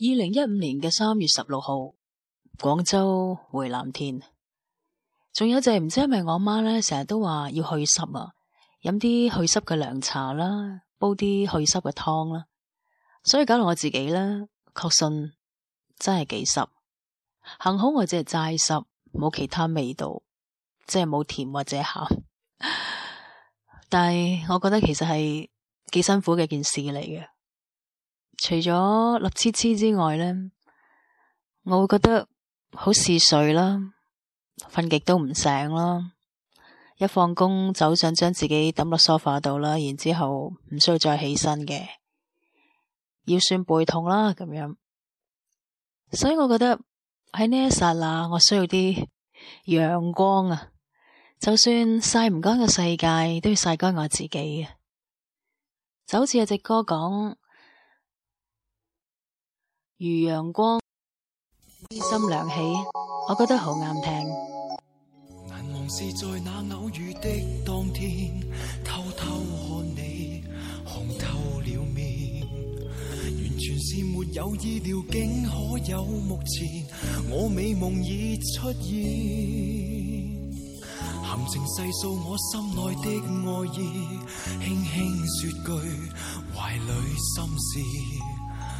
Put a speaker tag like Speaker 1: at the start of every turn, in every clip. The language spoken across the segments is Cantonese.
Speaker 1: 二零一五年嘅三月十六號，廣州回南天，仲有就係唔知係咪我媽咧，成日都話要去濕啊，飲啲去濕嘅涼茶啦，煲啲去濕嘅湯啦，所以搞到我自己咧，確信真係幾濕。幸好我只係齋濕，冇其他味道，即係冇甜或者鹹。但係我覺得其實係幾辛苦嘅一件事嚟嘅。除咗立黐黐之外咧，我會覺得好嗜睡啦，瞓極都唔醒啦，一放工就想將自己抌落梳化度啦，然之後唔需要再起身嘅，腰酸背痛啦咁樣，所以我覺得喺呢一剎那，我需要啲陽光啊，就算曬唔乾嘅世界，都要曬乾我自己啊，就好似有隻歌講。如陽光，心涼起，我覺得好啱聽。
Speaker 2: 難忘是在那偶遇的當天，偷偷看你紅透了面，完全是沒有意料，竟可有目前，我美夢已出現，含情細訴我心內的愛意，輕輕說句懷裏心事。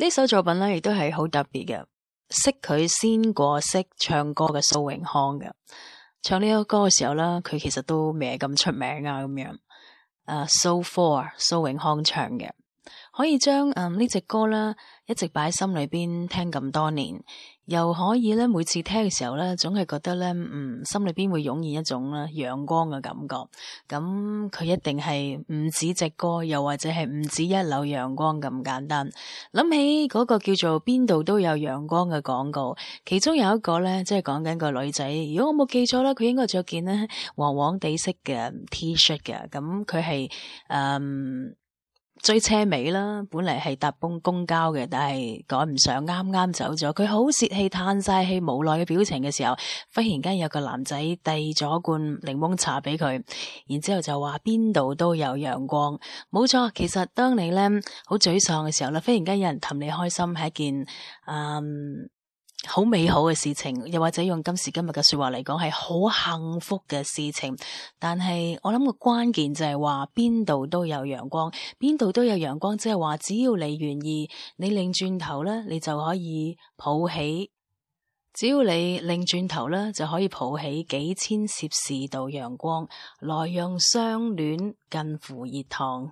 Speaker 1: 呢首作品咧，亦都係好特別嘅，識佢先過識唱歌嘅蘇永康嘅，唱呢個歌嘅時候咧，佢其實都未咁出名啊，咁樣，誒、uh，so far 蘇永康唱嘅，可以將誒、嗯、呢隻歌啦一直擺喺心裏邊聽咁多年。又可以咧，每次聽嘅時候咧，總係覺得咧，嗯，心裏邊會湧現一種咧陽光嘅感覺。咁、嗯、佢一定係唔止隻歌，又或者係唔止一縷陽光咁簡單。諗起嗰個叫做邊度都有陽光嘅廣告，其中有一個咧，即係講緊個女仔。如果我冇記錯啦，佢應該着件咧黃黃地色嘅 T-shirt 嘅。咁佢係嗯。追車尾啦，本嚟係搭公公交嘅，但係趕唔上，啱啱走咗。佢好洩氣，嘆晒氣，無奈嘅表情嘅時候，忽然間有個男仔遞咗罐檸檬茶俾佢，然之後就話邊度都有陽光。冇錯，其實當你咧好沮喪嘅時候咧，忽然間有人氹你開心，係一件嗯。好美好嘅事情，又或者用今時今日嘅說話嚟講，係好幸福嘅事情。但係我諗個關鍵就係話邊度都有陽光，邊度都有陽光。即係話只要你願意，你擰轉頭呢，你就可以抱起；只要你擰轉頭呢，就可以抱起幾千攝氏度陽光，來讓相戀近乎熱燙。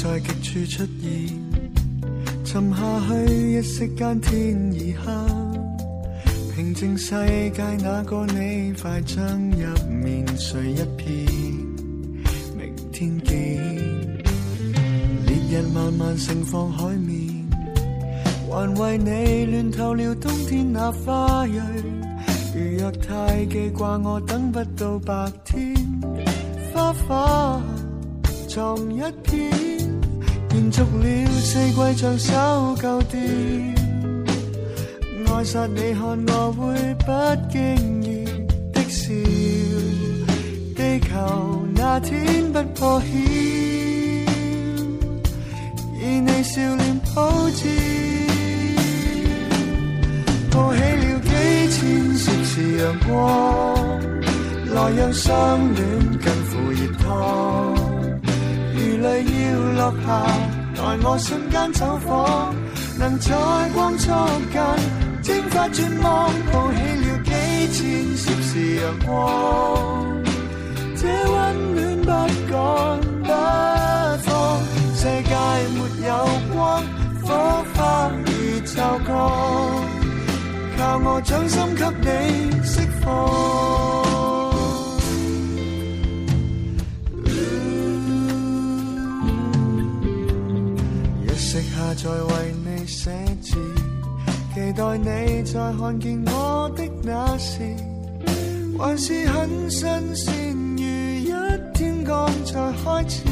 Speaker 3: 在極處出現，沉下去，一息間天已黑。平靜世界那個你，快將入眠，睡一片，明天見。烈日慢慢盛放海面，還為你暖透了冬天那花蕊。如若太記掛，我等不到白天，花瓣藏一片。延續了四季，像修舊店。愛煞你看我會不經意的笑。地球那天不破曉，以你笑臉鋪展，抱起了幾千攝氏陽光，來讓相戀更富熱燙。淚要落下，待我瞬間走火，能在光速間蒸發轉，轉望抱起了幾千攝氏陽光，這溫暖不講不放。世界沒有光，火花如驟降，靠我掌心給你釋放。再為你寫字，期待你再看見我的那時，還是很新鮮，如一天剛才開始，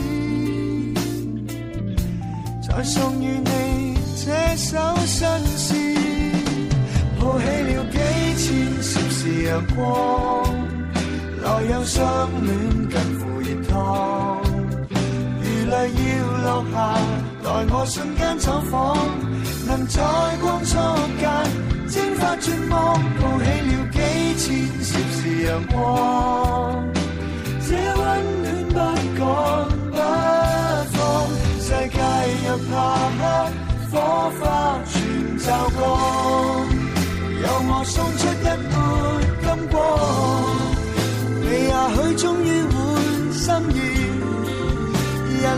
Speaker 3: 再送與你這首新詩，抱起了幾千小時陽光，來有雙暖近乎熱湯，如淚要落下。在我瞬間走訪，能在光速間蒸發絕望，抱起了幾千小時陽光。這溫暖不講不放，世界若怕黑，火花全驟降。有我送出一抹金光，你也許終於會心意。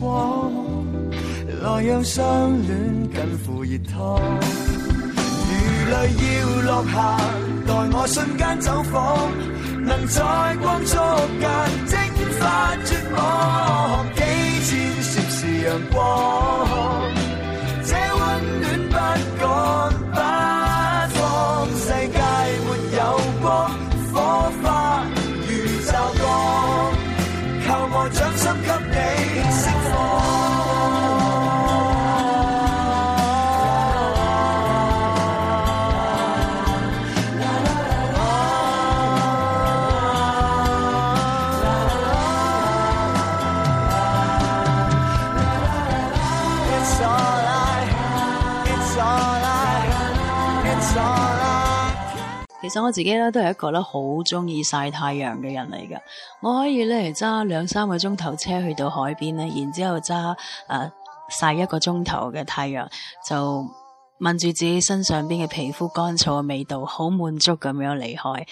Speaker 3: 光，來讓相戀更附熱湯。如淚要落下，待我瞬間走火，能在光速間蒸發絕望。幾千攝氏陽光。
Speaker 1: 其實我自己咧，都係一個咧好中意曬太陽嘅人嚟㗎，我可以咧揸兩三個鐘頭車去到海邊咧，然之後揸誒、啊、曬一個鐘頭嘅太陽，就聞住自己身上邊嘅皮膚乾燥嘅味道，好滿足咁樣離開。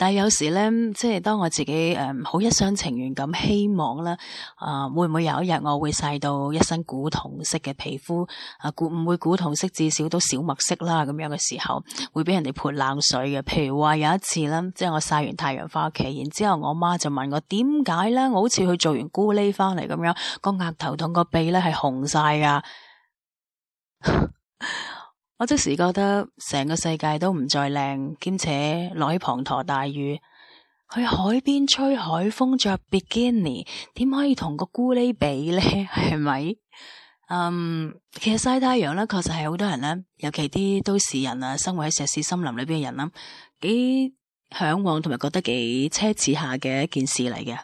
Speaker 1: 但係有時咧，即係當我自己誒好、嗯、一廂情願咁希望呢，啊會唔會有一日我會曬到一身古銅色嘅皮膚啊？古唔會古銅色，至少都小麥色啦，咁樣嘅時候，會俾人哋潑冷水嘅。譬如話有一次啦，即係我曬完太陽翻屋企，然之後我媽就問我點解咧？我好似去做完咕喱翻嚟咁樣，個額頭同、個鼻咧係紅晒噶。 我即時覺得成個世界都唔再靚，兼且落喺滂沱大雨，去海邊吹海風着比基尼，點可以同個咕喱比呢？係咪？嗯，其實晒太陽咧，確實係好多人咧，尤其啲都市人啊，生活喺石屎森林裏邊嘅人啦，幾向往同埋覺得幾奢侈下嘅一件事嚟嘅。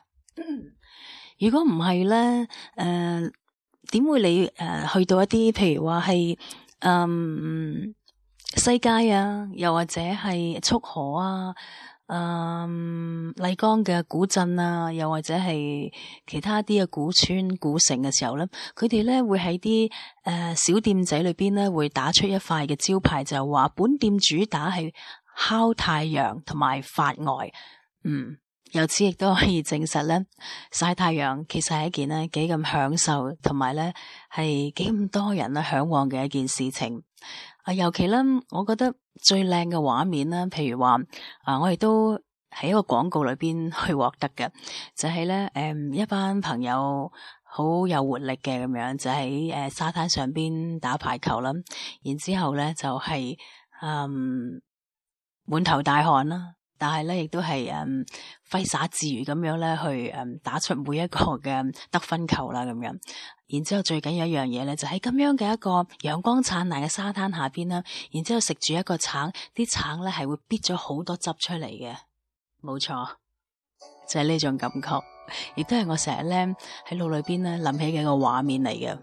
Speaker 1: 如果唔係咧，誒，點、呃、會你誒去到一啲譬如話係？嗯、um,，西街啊，又或者係束河啊，嗯、啊，麗江嘅古鎮啊，又或者係其他啲嘅古村古城嘅時候咧，佢哋咧會喺啲誒小店仔裏邊咧會打出一塊嘅招牌，就話本店主打係烤太陽同埋發呆，嗯。由此亦都可以證實咧，曬太陽其實係一件咧幾咁享受，同埋咧係幾咁多人咧嚮往嘅一件事情。啊，尤其咧，我覺得最靚嘅畫面啦，譬如話啊，我哋都喺一個廣告裏邊去獲得嘅，就係咧，誒，一班朋友好有活力嘅咁樣，就喺誒沙灘上邊打排球啦。然之後咧就係、是、嗯滿頭大汗啦。但係咧，亦都係嗯揮灑自如咁樣咧，去嗯打出每一個嘅得分球啦，咁樣。然之後最緊要一樣嘢咧，就喺咁樣嘅一個陽光燦爛嘅沙灘下邊啦。然之後食住一個橙，啲橙咧係會搣咗好多汁出嚟嘅。冇錯，就係呢種感覺，亦都係我成日咧喺腦裏邊咧諗起嘅一個畫面嚟嘅。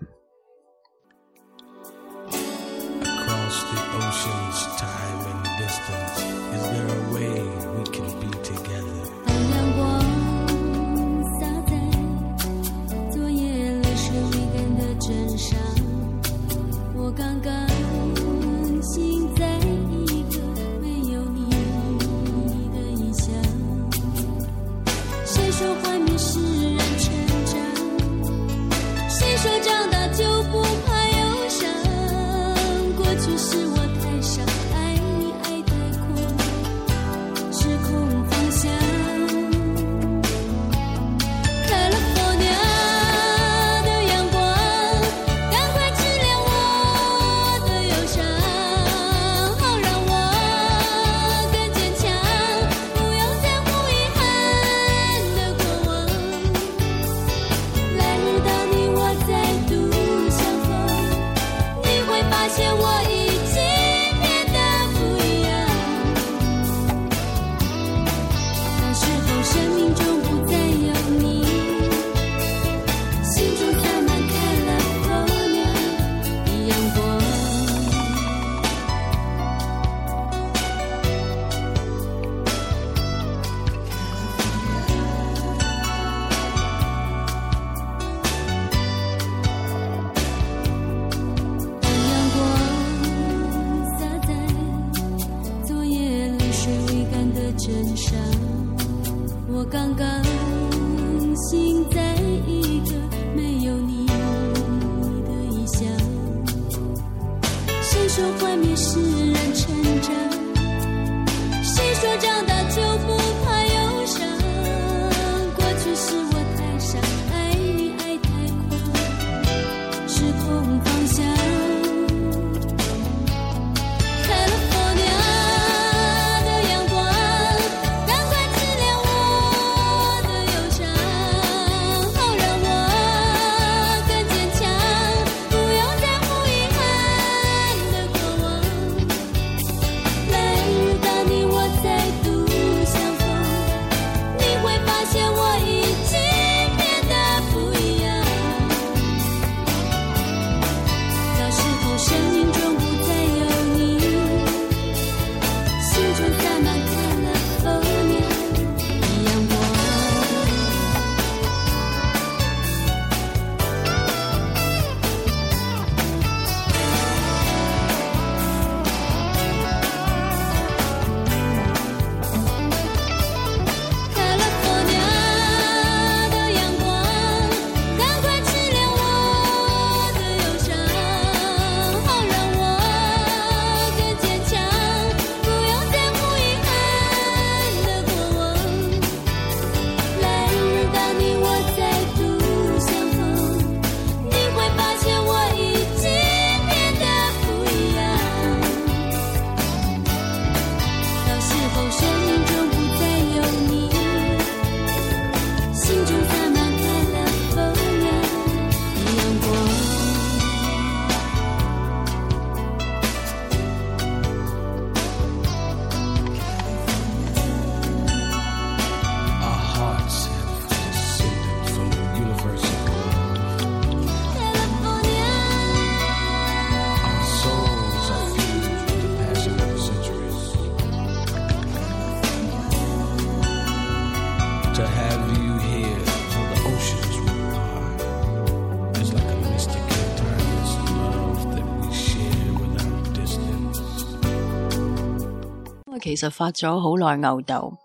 Speaker 1: 其實發咗好耐吽斗，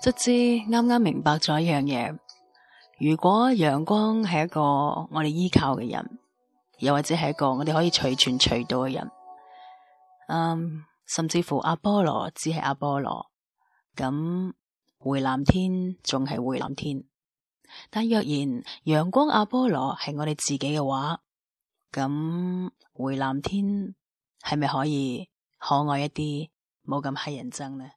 Speaker 1: 直至啱啱明白咗一樣嘢。如果陽光係一個我哋依靠嘅人，又或者係一個我哋可以隨傳隨到嘅人，嗯，甚至乎阿波羅只係阿波羅，咁回南天仲係回南天。但若然陽光阿波羅係我哋自己嘅話，咁回南天係咪可以可愛一啲？冇咁乞人憎啦。